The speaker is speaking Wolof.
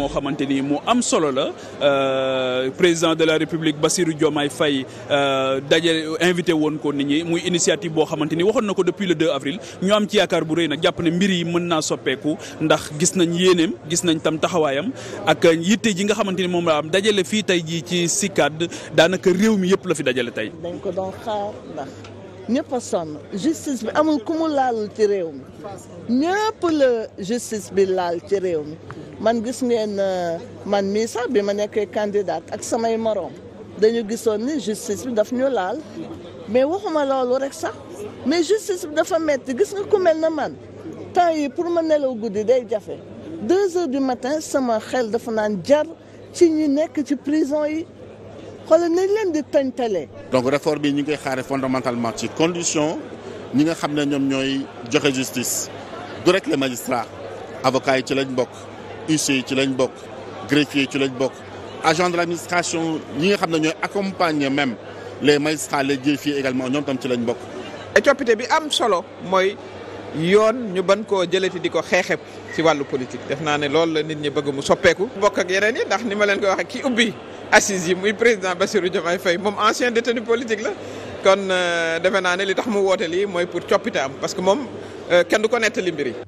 moo xamante ni mu am solo la euh, président de la république Bassirou Diomaye Faye euh, daje invité woon ko nit ñi muy initiative boo xamante ni waxoon na ko depuis le 2 avril ñu am ci yaakaar bu rëy nag jàpp ne mbir yi mën naa soppeeku ndax gis nañ yéeneem gis nañ tam taxawaayam ak yitte ji nga xamante ni moom la am dajale fii tey jii ci CICAD daanaka réew mi yëpp la fi dajale tey. dañ ko doon xaar ndax ñëpp a sonn bi la justice bi laal ci réew mi. man gis ngeen euh, man mii sax bi ma nekkee candidate ak samay moroom dañu gisoon ni justice bi daf ñu laal mais waxuma loolu rek sax mais justice bi dafa metti gis nga ku mel na man temps yi pour ma nelaw guddi day jafe deux heures du matin sama xel dafa naan jar ci ñi nekk ci prison yi xoolal nañ leen di tëntale. donc réforme bi ñu ngi koy xaare fondamentalement ci condition ñi nga xam ne ñoom ñooy joxe justice du rek les magistrats avocats yi ci lañ mbokk huissier ci lañ bokk greffier ci lañ bokk agent de l'administration ñi nga xam ne ñooy accompagner même les magistrats les greffiers également ñoom tam ci lañ bokk. et coppite bi am solo mooy yoon ñu ban koo jëlati di ko xeexeb ci wàllu politique def naa ne loolu la nit ñi bëgg mu soppeeku. bokk ak yeneen yi ndax ni ma leen ko waxee ki ubbi assise yi muy président Bassirou Diomaye Faye moom ancien détenu politique la kon euh, defe naa ne li tax mu woote lii mooy pour coppite am parce que moom euh, kenn du ko nettali